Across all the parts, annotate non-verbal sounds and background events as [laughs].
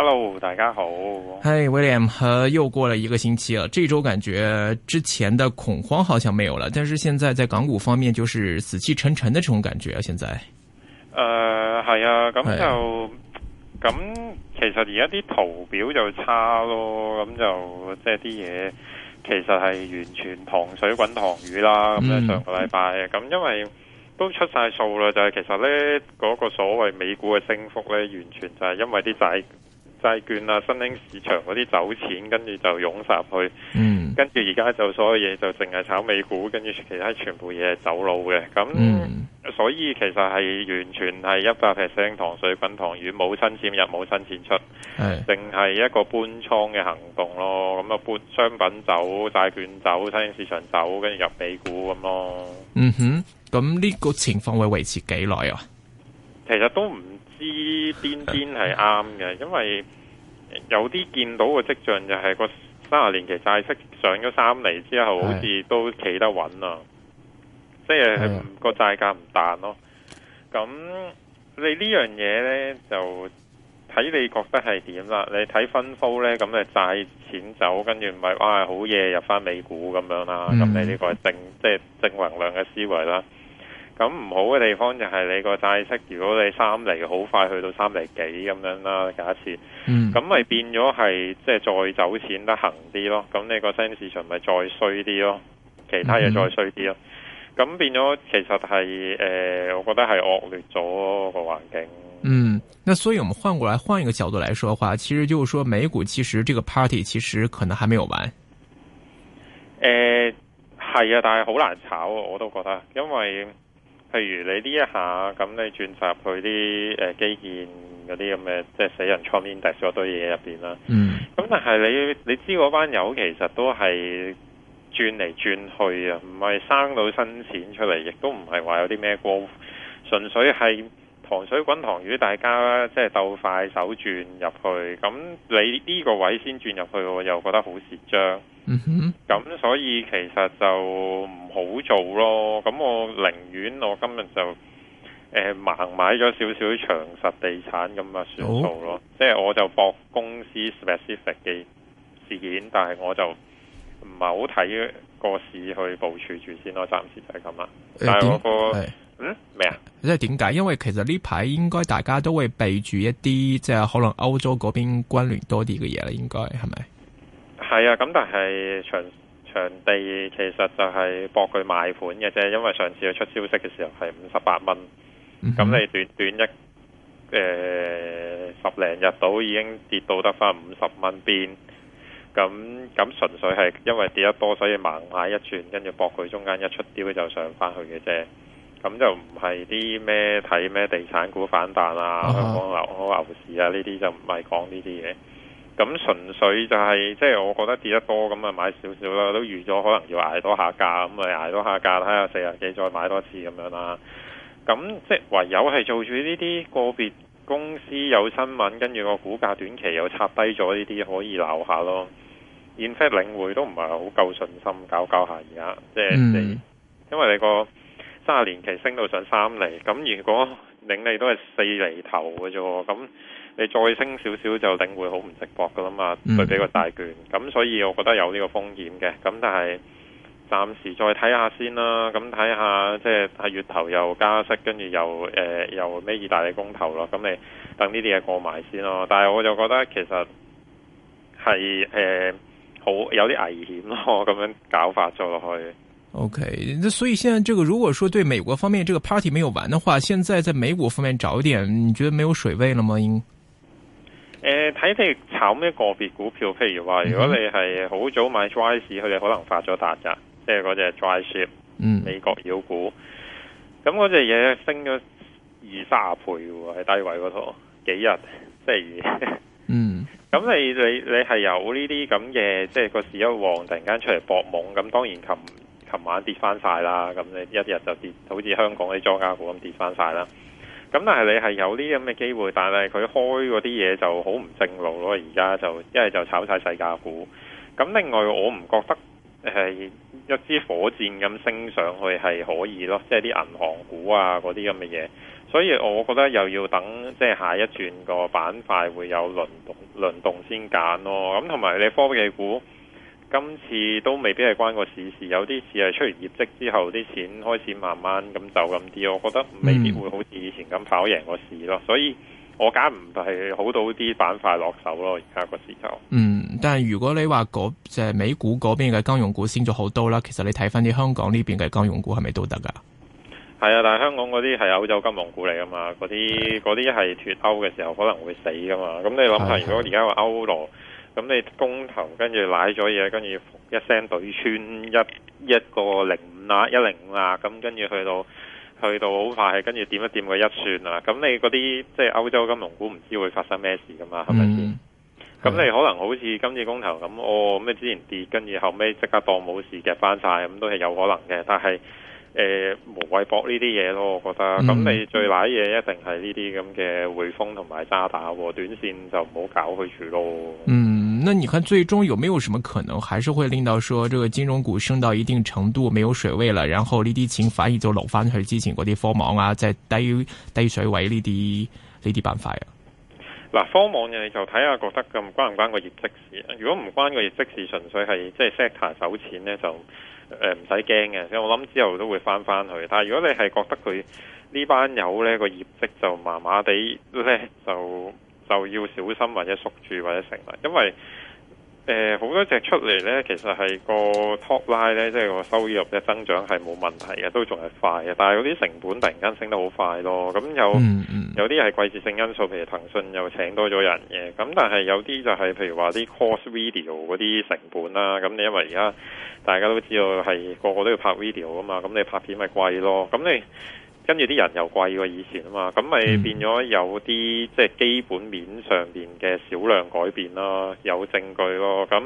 hello，大家好。Hi，William，又過咗一個星期啊，這周感覺之前的恐慌好像沒有了，但是現在在港股方面就是死氣沉沉的這種感覺啊，現在。誒、呃，係啊，咁就咁其實而家啲圖表就差咯，咁就即係啲嘢其實係完全糖水滾糖魚啦。咁咧上個禮拜咁，因為都出晒數啦，就係、是、其實呢嗰、那個所謂美股嘅升幅呢，完全就係因為啲仔。債券啊，新興市場嗰啲走錢，跟住就湧入去，跟住而家就所有嘢就淨係炒美股，跟住其他全部嘢係走佬嘅。咁、嗯、所以其實係完全係一百 percent 糖水滾糖漿，冇新錢入，冇新錢出，淨係的一個搬倉嘅行動咯。咁啊，搬商品走，債券走，新興市場走，跟住入美股咁咯。嗯哼，咁呢個情況會維持幾耐啊？其實都唔知邊邊係啱嘅，因為有啲見到嘅跡象就係個三十年期債息上咗三厘之後，好似都企得穩啦，是的即係個債價唔彈咯。咁的你呢樣嘢呢，就睇你覺得係點啦。你睇分鋪呢，咁你債錢走，跟住咪哇好嘢入翻美股咁樣啦。咁的你呢個係正即係、就是、正能量嘅思維啦。咁唔好嘅地方就係你個債息，如果你三厘好快去到三厘幾咁樣啦，假設，咁咪、嗯、變咗係即係再走錢得行啲咯，咁你個新市場咪再衰啲咯，其他嘢再衰啲咯，咁、嗯、變咗其實係誒、呃，我覺得係惡劣咗個環境。嗯，那所以我們換過來換一個角度來說話，其實就是說美股其實這個 party 其實可能還沒有完。誒、呃，係啊，但係好難炒啊，我都覺得，因為。譬如你呢一下咁、呃嗯，你轉集去啲誒基建嗰啲咁嘅，即係死人創面抌咗堆嘢入面啦。嗯，咁但係你你知嗰班友其實都係轉嚟轉去啊，唔係生到新錢出嚟，亦都唔係話有啲咩光，純粹係。糖水滾糖魚，大家即係鬥快手轉入去。咁你呢個位先轉入去，我又覺得好蝕章。咁、嗯、哼所以其實就唔好做咯。咁我寧願我今日就、呃、盲買咗少少長實地產咁嘅算數咯。好即係我就博公司 specific 嘅事件，但係我就唔係好睇個市去部署住先咯。暫時就係咁啦。但係我、嗰個。呃嗯，咩啊？即係點解？因為其實呢排應該大家都會備住一啲，即、就、係、是、可能歐洲嗰邊關聯多啲嘅嘢啦，應該係咪？係啊，咁但係場場地其實就係搏佢買盤嘅啫，因為上次佢出消息嘅時候係五十八蚊，咁、嗯、哼你短短一誒、呃、十零日到已經跌到得翻五十蚊邊，咁咁純粹係因為跌得多，所以盲下一轉，跟住搏佢中間一出啲，佢就上翻去嘅啫。咁就唔係啲咩睇咩地產股反彈啊，香港樓、好、huh. 樓市啊，呢啲就唔係講呢啲嘢。咁純粹就係即係，就係、我覺得跌得多咁啊，就買少少啦。都預咗可能要挨多下價，咁啊，挨多下價，睇下四十幾再買多次咁樣啦。咁即係唯有係做住呢啲個別公司有新聞，跟住個股價短期又插低咗，呢啲可以鬧下咯。現時領匯都唔係好夠信心搞搞下而家，即係你、mm hmm. 因為你、那個。三十年期升到上三厘，咁如果領利都係四厘頭嘅啫，咁你再升少少就領會好唔值博嘅啦嘛，嗯、對比個大卷，咁所以我覺得有呢個風險嘅，咁但係暫時再睇下先啦，咁睇下即係喺月頭又加息，跟住又誒、呃、又咩意大利公投啦，咁你等呢啲嘢過埋先咯，但係我就覺得其實係誒、呃、好有啲危險咯，咁樣搞法咗落去。O.K.，所以現在這個如果說對美國方面這個 party 沒有完的話，現在在美股方面找一點，你覺得沒有水位了嗎？應誒、呃，睇你炒咩個別股票，譬如話如果你係好早買 dry e 佢哋可能發咗達咋，即係嗰隻 dry ship，嗯，美國妖股，咁嗰隻嘢升咗二三十倍喎，喺低位嗰度幾日，即係嗯，咁 [laughs] 你你你係有呢啲咁嘅，即係個市一旺突然間出嚟搏懵，咁當然琴。琴晚跌翻晒啦，咁你一日就跌，好似香港啲莊家股咁跌翻曬啦。咁但係你係有呢啲咁嘅機會，但係佢開嗰啲嘢就好唔正路咯。而家就一係就炒晒世家股。咁另外我唔覺得係一支火箭咁升上去係可以咯，即係啲銀行股啊嗰啲咁嘅嘢。所以我覺得又要等即係下一轉個板塊會有輪動，輪動先揀咯。咁同埋你科技股。今次都未必係關個市事，有啲市係出完業績之後啲錢開始慢慢咁走咁啲，我覺得未必會好似以前咁跑贏個市咯。嗯、所以我揀唔係好到啲板塊落手咯，而家個市就。嗯，但係如果你話嗰、即係、美股嗰邊嘅金融股升咗好多啦，其實你睇翻啲香港呢邊嘅金融股係咪都得噶？係啊，但係香港嗰啲係歐洲金融股嚟㗎嘛，嗰啲嗰啲係脫歐嘅時候可能會死噶嘛。咁你諗下，如果而家話歐羅。嗯嗯咁你公投，跟住瀨咗嘢，跟住一聲隊穿一一個零五啦一零五啦，咁跟住去到去到好快，跟住點一點佢一算啦。咁你嗰啲即係歐洲金融股，唔知會發生咩事噶嘛？係咪先？咁你可能好似今次公投咁，哦、嗯，咩之前跌，跟住後尾即刻當冇事夾翻曬，咁都係有可能嘅。但係誒、呃，無謂搏呢啲嘢咯，我覺得。咁、嗯、你最瀨嘢一定係呢啲咁嘅匯豐同埋渣打喎，短線就唔好搞去住咯。嗯你看最終有沒有什麼可能，還是會令到說這個金融股升到一定程度沒有水位了，然後呢啲錢反而就流翻去之前嗰啲科網啊，即係低低水位呢啲呢啲板塊啊。嗱，科網的你就睇下覺得咁、嗯、關唔關個業績事啊？如果唔關個業績事，純粹係即係 sector 走錢咧，就誒唔使驚嘅。因、呃、我諗之後都會翻翻去。但係如果你係覺得佢呢班友咧個業績就麻麻地咧就。就要小心或者縮住或者成啦，因為誒好、呃、多隻出嚟呢，其實係個 top line 呢，即、就、係、是、個收入嘅增長係冇問題嘅，都仲係快嘅。但係嗰啲成本突然間升得好快咯，咁有有啲係季節性因素，譬如騰訊又請多咗人嘅，咁但係有啲就係譬如話啲 course video 嗰啲成本啦、啊，咁你因為而家大家都知道係個個都要拍 video 噶嘛，咁你拍片咪貴咯，咁你。跟住啲人又貴過以前啊嘛，咁咪變咗有啲即係基本面上邊嘅少量改變咯，有證據咯，咁。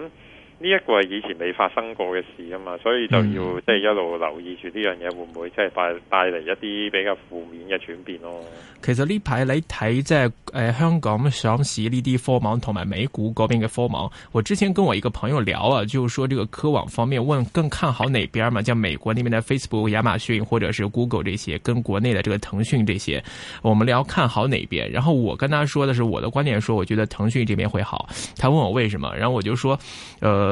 呢一個係以前未發生過嘅事啊嘛，所以就要即係一路留意住呢樣嘢會唔會即係帶帶嚟一啲比較負面嘅轉變咯，哦。其實呢排你睇即係誒香港上市呢啲科網同埋美股嗰邊嘅科網，我之前跟我一個朋友聊啊，就係說這個科網方面，問更看好哪邊嘛？像美國那邊嘅 Facebook、亞馬遜或者是 Google 這些，跟國內嘅這個騰訊這些，我們聊看好哪邊？然後我跟佢講嘅係我的觀點，我覺得騰訊呢邊會好。佢問我為什麼，然後我就話，誒、呃。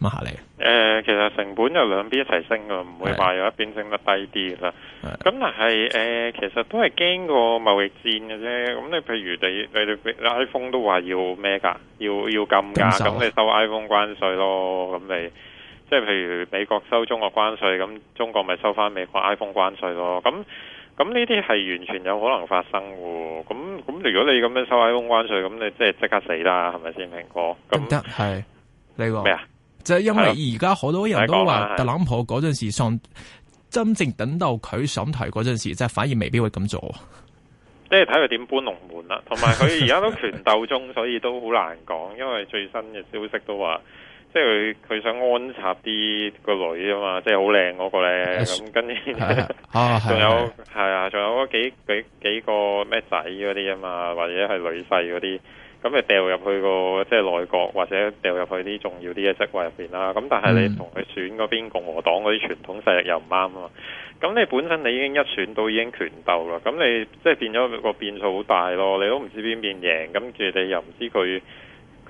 乜下嚟？誒、呃，其實成本就兩邊一齊升嘅，唔的會話有一邊升得低啲啦。咁的但係誒、呃，其實都係驚個貿易戰嘅啫。咁你譬如你你啲 iPhone 都話要咩噶？要要禁噶？咁你收 iPhone 關稅咯？咁你即係譬如美國收中國關稅，咁中國咪收翻美國 iPhone 關稅咯？咁咁呢啲係完全有可能發生嘅。咁咁如果你咁樣收 iPhone 關稅，咁你即係即刻死啦，係咪先？蘋果咁。得係你個咩啊？就係因為而家好多人都話特朗普嗰陣時上，真正等到佢上台嗰陣時，即係反而未必會咁做看他樣、啊，即係睇佢點搬龍門啦。同埋佢而家都拳鬥中， [laughs] 所以都好難講。因為最新嘅消息都話。即係佢佢想安插啲個女啊嘛，即係好靚嗰個咧，咁跟住啊，仲有係啊，仲有嗰幾個咩仔嗰啲啊嘛，或者係女婿嗰啲，咁咪掉入去個即係內閣，或者掉入去啲重要啲嘅職位入面啦。咁但係你同佢選嗰邊共和黨嗰啲傳統勢力又唔啱啊嘛。咁你本身你已經一選到已經權鬥啦，咁你即係變咗個變數好大咯，你都唔知邊邊贏，跟住你又唔知佢。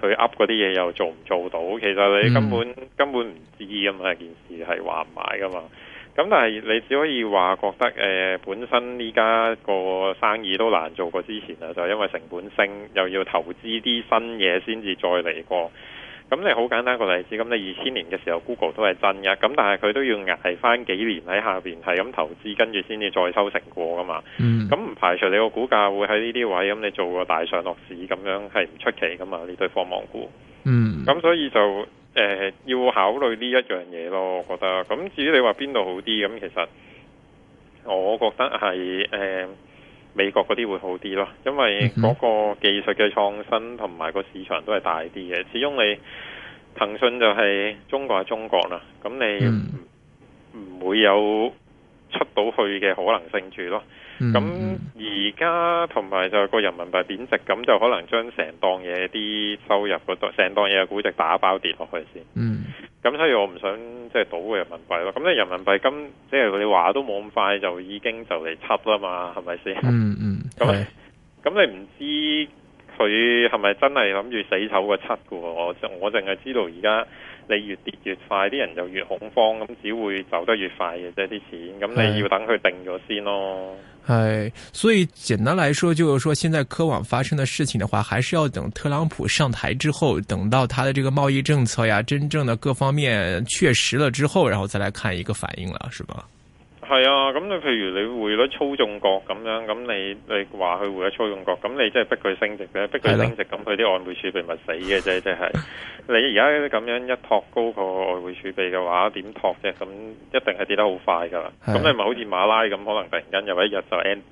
佢噏嗰啲嘢又做唔做到，其實你根本、嗯、根本唔知㗎嘛。件事係話唔埋㗎嘛。咁但係你只可以話覺得誒、呃，本身呢家個生意都難做過之前啦，就係、因為成本升，又要投資啲新嘢先至再嚟過。咁你好簡單一個例子，咁你二千年嘅時候 Google 都係真嘅，咁但係佢都要捱翻幾年喺下面，係咁投資，跟住先至再收成果㗎嘛。咁唔、mm. 排除你個股價會喺呢啲位，咁你做個大上落市咁樣係唔出奇㗎嘛？你對科網股。咁、mm. 所以就、呃、要考慮呢一樣嘢咯，我覺得。咁至於你話邊度好啲，咁其實我覺得係、呃美國嗰啲會好啲咯，因為嗰個技術嘅創新同埋個市場都係大啲嘅。始終你騰訊就係中國係中國啦，咁你唔、嗯、唔會有出到去嘅可能性住咯。咁而家同埋就係個人民幣貶值，咁就可能將成檔嘢啲收入嗰度，成檔嘢嘅估值打包跌落去先。嗯咁所以我唔想即係賭個人民幣咯，咁你人民幣今即係你話都冇咁快就已經就嚟七啦嘛，係咪先？嗯嗯，咁咁那的你唔知佢係咪真係諗住死守個七嘅喎？我我淨係知道而家。你越跌越快，啲人就越恐慌，咁只會走得越快嘅，啫。啲錢。咁你要等佢定咗先咯。係的，所以簡單來說，就是說，現在科網發生的事情的話，還是要等特朗普上台之後，等到他的這個貿易政策呀，真正的各方面確實了之後，然後再來看一個反應啦，是吧？係啊，咁你譬如你匯率操縱國咁樣，咁你你話佢匯率操縱國，咁你即係逼佢升值嘅。逼佢升值，咁佢啲外匯儲備咪死嘅啫，即係你而家咁樣一托高個外匯儲備嘅話，點托啫？咁一定係跌得好快噶啦。咁你咪好似馬拉咁，可能突然間有一日就 N，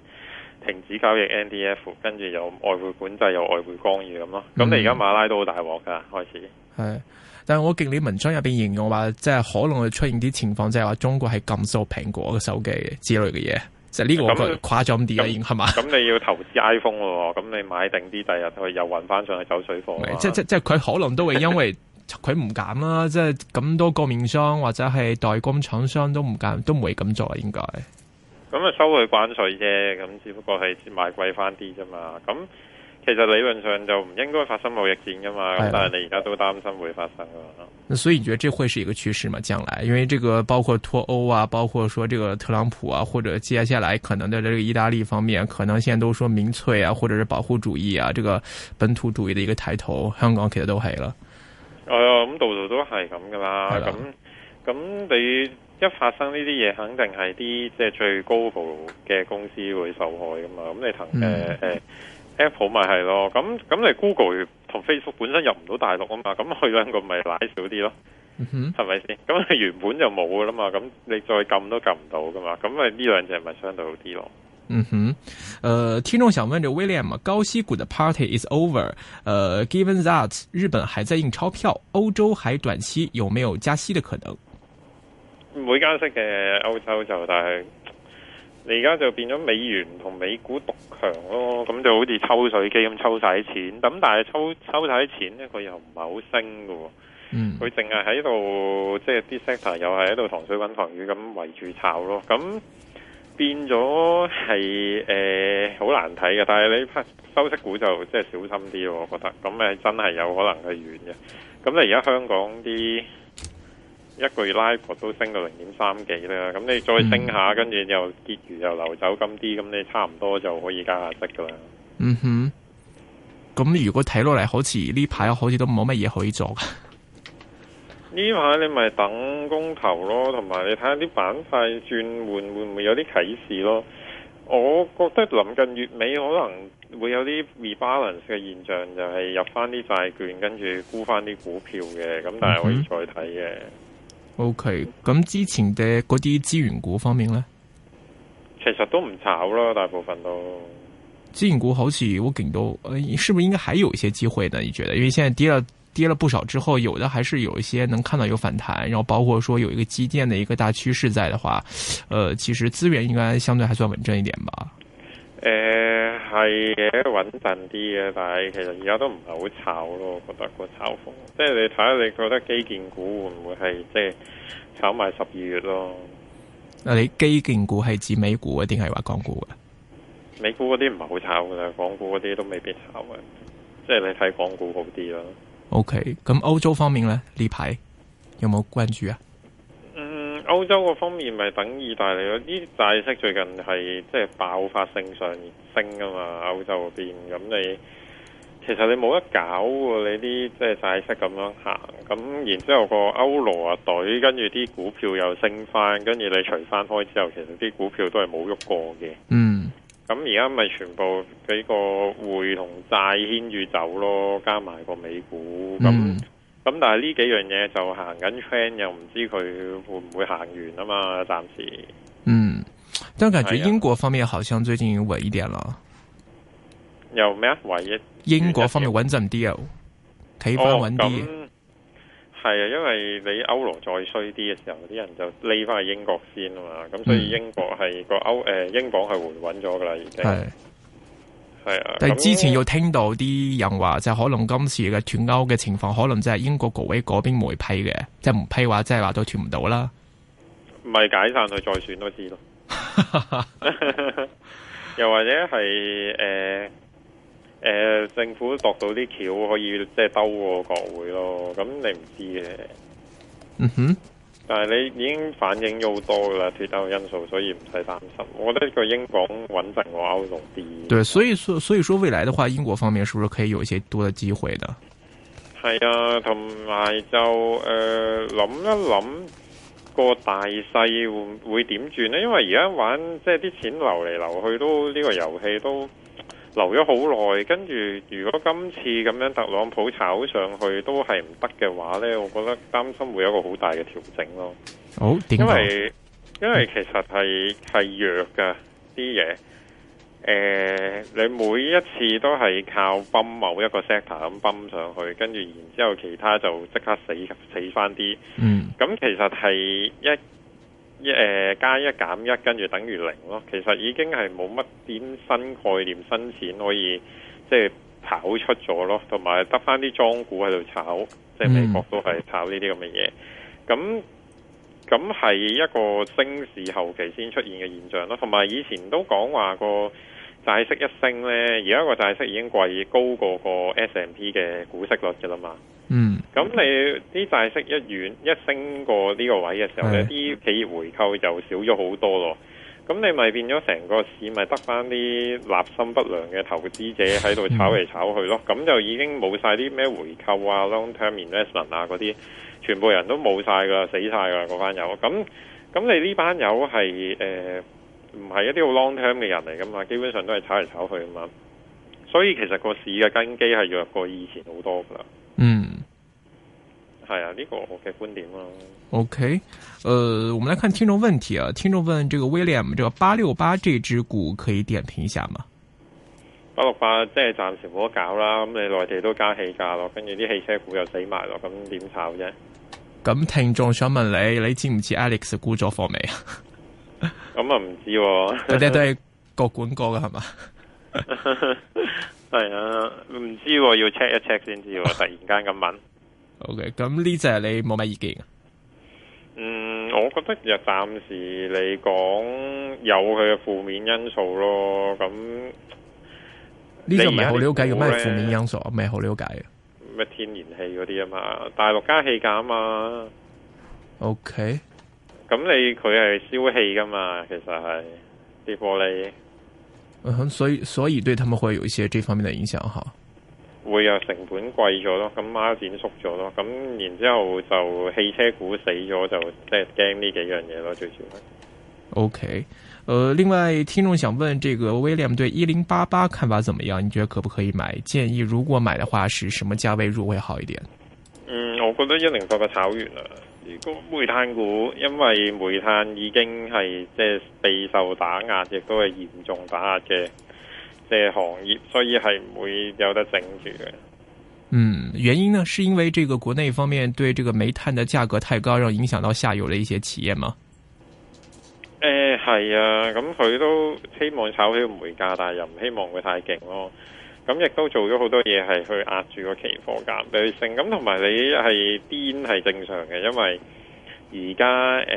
停止交易 NDF，跟住又外匯管制又外匯干預咁咯。咁，嗯，你而家馬拉都好大鑊噶，開始係。但係我見你文章入邊形容話，即係可能會出現啲情況，就是，即係話中國係禁售蘋果嘅手機之類嘅嘢，就係呢個我覺得誇張啲啊，係嘛吧？咁、啊、你要投資 iPhone 咯，咁你買定啲，第日佢又運翻上去走水貨。即即即係佢可能都會因為佢唔敢啦， [laughs] 即係咁多個面商或者係代工廠商都唔敢，都唔會咁做啊，應該。咁啊，收佢關稅啫，咁只不過係賣貴翻啲啫嘛，咁。其實理論上就唔應該發生貿易戰噶嘛，咁但係你而家都擔心會發生噶。的所以你覺得這會是一個趨勢嘛？將來，因為這個包括脫歐啊，包括說這個特朗普啊，或者接下來可能在這個意大利方面，可能現在都說民粹啊，或者是保護主義啊，這個本土主義的一個抬頭，香港其實都係啦。誒、哎，咁度度都係咁噶啦，咁咁你一發生呢啲嘢，肯定係啲即係最高部嘅公司會受害噶嘛？咁你同誒誒。Apple 咪係咯，咁咁你 Google 同 Facebook 本身入唔到大陸啊嘛，咁佢兩個咪買少啲咯，係咪先？咁、hmm. 你原本就冇噶啦嘛，咁你再撳都撳唔到噶嘛，咁咪呢兩隻咪相對好啲咯。嗯哼、mm，誒、hmm. uh,，聽眾想問住 William 啊高息股的 party is over、uh,。誒，given that 日本還在印鈔票，歐洲還短期有沒有加息的可能？每間式嘅歐洲就但係。你而家就變咗美元同美股獨強咯，咁就好似抽水機咁抽晒啲錢，咁但係抽抽曬啲錢咧，佢又唔係好升嘅，嗯，佢淨係喺度即係啲 sector 又係喺度糖水滾糖魚咁圍住炒咯，咁變咗係誒好難睇嘅，但係你收息股就即係小心啲咯，我覺得，咁誒真係有可能係遠嘅，咁你而家香港啲。一個月拉幅都升到零點三幾啦，咁你再升一下，跟住、嗯、哼又結餘又流走咁啲，咁你差唔多就可以加下息噶啦。嗯哼，咁如果睇落嚟好似呢排好似都冇乜嘢可以做。呢排你咪等公投咯，同埋你睇下啲板塊轉換會唔會有啲啟示咯？我覺得臨近，近月尾可能會有啲 rebalance 嘅現象，就係、是、入翻啲債券，跟住沽翻啲股票嘅，咁但係可以再睇嘅。嗯。OK，咁之前嘅嗰啲資源股方面呢，其實都唔炒啦，大部分都。資源股好似我 o k i 都，是不是應該還有一些機會呢？你覺得？因為現在跌了跌了不少之後，有的還是有一些能看到有反彈，然後包括說有一個基建的一個大趨勢在的話，呃，其實資源應該相對還算穩陣一點吧。誒、呃。係嘅，穩陣啲嘅，但係其實而家都唔係好炒咯，我覺得個炒風。即係你睇下，你覺得基建股會唔會係即係炒埋十二月咯？嗱，你基建股係指美股嗰啲，定係話港股噶？美股嗰啲唔係好炒噶啦，港股嗰啲都未必炒嘅。即係你睇港股好啲咯。O K，咁歐洲方面咧，呢排有冇關注啊？歐洲嗰方面咪等意大利嗰啲債息最近係即係爆發性上升噶嘛歐洲嗰邊，咁你其實你冇得搞喎，你啲即係債息咁樣行，咁然之後個歐羅啊隊，跟住啲股票又升翻，跟住你除翻開之後，其實啲股票都係冇喐過嘅。嗯，咁而家咪全部俾個匯同債牽住走咯，加埋個美股咁。Mm. 咁但係呢幾樣嘢就行緊 train，又唔知佢會唔會行完啊嘛，暫時。嗯，但係、嗯、感覺英國方面好像最近穩一點咯。又咩啊？唯一英國方面穩陣啲啊，睇翻穩啲。係啊，因為你歐羅再衰啲嘅時候，啲人就匿翻去英國先啊嘛。咁、嗯、所以英國係個歐誒，英鎊係回穩咗噶啦，已經。係啊，但係之前要聽到啲人話，就可能今次嘅脱歐嘅情況，可能就係英國國會嗰邊冇批嘅，即係唔批話，即係話都脱唔到啦。唔係解散佢再選都知咯，又或者係誒誒，政府度到啲橋可以即係兜個國會咯，咁你唔知嘅。嗯哼。但係你已經反應要多噶啦脫歐因素，所以唔使擔心。我覺得個英國穩陣過歐洲啲。對，所以所以，所以說未來的話，英國方面是不是可以有一些多的機會的？係啊，同埋就誒諗、呃、一諗個大勢會會點轉呢？因為而家玩即係啲錢流嚟流去都呢個遊戲都。留咗好耐，跟住如果今次咁樣特朗普炒上去都係唔得嘅話呢，我覺得擔心會有一個好大嘅調整咯。好、哦，因為因為其實係係弱嘅啲嘢，你每一次都係靠泵某一個 sector 咁泵上去，跟住然之後其他就即刻死死翻啲。嗯，咁其實係一。一、呃、加一減一跟住等於零咯，其實已經係冇乜點新概念、新錢可以即係跑出咗咯，同埋得翻啲莊股喺度炒，嗯、即係美國都係炒呢啲咁嘅嘢。咁咁係一個升市後期先出現嘅現象咯，同埋以前都講話個債息一升呢，而家個債息已經貴高過個 S&P 嘅股息率㗎啦嘛。嗯。咁你啲債息一遠一升過呢個位嘅時候呢，啲企業回購就少咗好多咯。咁你咪變咗成個市咪得翻啲立心不良嘅投資者喺度炒嚟炒去咯。咁就已經冇晒啲咩回購啊，long-term investment 啊嗰啲，全部人都冇晒噶，死晒噶嗰班友。咁咁你呢班友係誒唔係一啲好 long-term 嘅人嚟噶嘛？基本上都係炒嚟炒去啊嘛。所以其實個市嘅根基係弱過以前好多噶。嗯。係啊，呢，這個我嘅觀點咯。OK，誒、呃，我們來看聽眾問題啊。聽眾問：這個 William，這個八六八這支股可以點評一下嗎？八六八即係暫時冇得搞啦，咁你內地都加氣價咯，跟住啲汽車股又死埋咯，咁點炒啫？咁聽眾想問你，你知唔 [laughs] 知 Alex 沽咗貨未啊？咁啊唔知，啲啲都係各管各噶，係嘛？係啊，唔知要 check 一 check 先知，突然間咁問。 [laughs] O K，咁呢隻你冇咩意見？嗯，我覺得就暫時嚟講有佢嘅負面因素咯。咁呢隻唔係好了解，有咩負面因素？唔係好了解咩？天然氣嗰啲啊嘛，大陸加氣價啊嘛。O K，咁你佢係燒氣噶嘛？其實係啲玻璃。所以所以對他們會有一些這方面嘅影響，吓會啊，成本貴咗咯，咁孖展縮咗咯，咁然之後就汽車股死咗，就即係驚呢幾樣嘢咯，最少。OK，呃，另外聽眾想問，這個 William 對一零八八看法怎麼樣？你覺得可不可以買？建議如果買的話，是什麼價位入會好一點？嗯，我覺得一零八八炒完啦。如果煤炭股，因為煤炭已經係即係備受打壓，亦都係嚴重打壓嘅。嘅行業，所以係唔會有得整住嘅。嗯，原因呢？是因為這個國內方面對這個煤炭的價格太高，然後影響到下游的一些企業嗎？誒、嗯，係、嗯、啊，咁佢都希望炒呢個煤價，但係又唔希望佢太勁咯。咁亦都做咗好多嘢係去壓住個期貨價，唔升咁。同埋你係癲係正常嘅，因為而家、呃、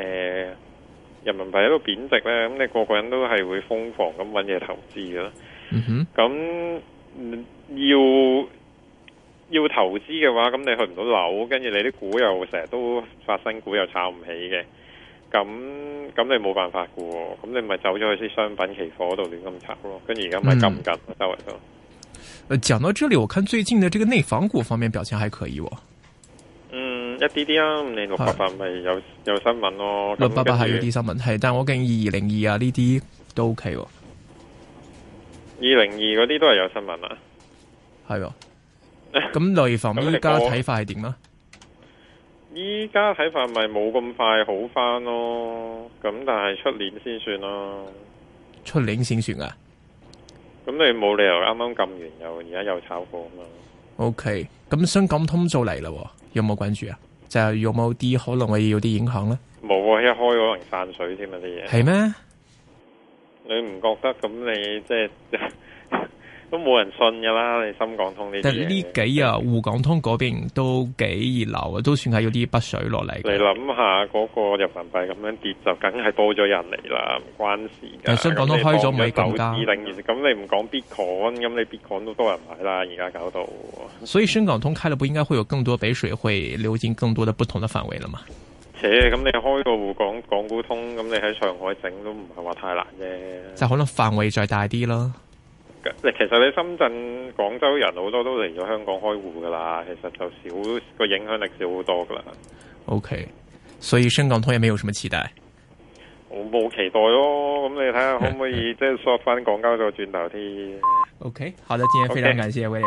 人民幣喺度貶值呢。咁你個個人都係會瘋狂咁搵嘢投資嘅。嗯哼，咁要要投資嘅話，咁你去唔到樓，跟住你啲股又成日都發生股又炒唔起嘅，咁咁你冇辦法嘅，咁你咪走咗去啲商品期貨度亂咁炒咯，跟住而家咪禁唔、嗯、周圍都。誒、呃，講到這裏，我看最近的這個內房股方面表現還可以喎、哦。嗯，一啲啲啊，六百八咪有有新聞咯，六百八係有啲新聞，係，但係我見二二零二啊呢啲都 OK 喎、哦。二零二嗰啲都係有新聞啊，係喎。咁內房依家睇法係點啊？依家睇法咪冇咁快好翻咯、哦，咁但係出年先算咯。出年先算啊？咁你冇理由啱啱撳完又而家又炒過啊嘛？O K，咁香港通就嚟啦，有冇關注啊？就係、是、有冇啲可能會有啲影響咧、啊？冇啊，一開可能散水添啊啲嘢。係咩？是嗎你唔覺得咁你即係都冇人信㗎啦？你深港通啲但呢幾日滬港通嗰邊都幾熱鬧嘅，都算係有啲北水落嚟。你諗下嗰個人民幣咁樣跌就梗係多咗人嚟啦，唔關事嘅。但係新港通開咗咪咁啦？二零二零咁你唔講 Bitcoin，咁你 Bitcoin 都多人買啦，而家搞到。所以深港通開了，不應該會有更多北水會流進更多的不同的範圍啦嘛？咁你開個滬港港股通，咁你喺上海整都唔係話太難啫。就可能範圍再大啲咯。其實你深圳、廣州人好多都嚟咗香港開戶噶啦，其實就少個影響力少好多噶啦。O、okay. K，所以深港通也沒有什麼期待。我冇期待咯，咁你睇下可唔可以 [laughs] 即係縮翻港交所轉頭啲。O、okay. K，好的，今天非常感謝，Okay.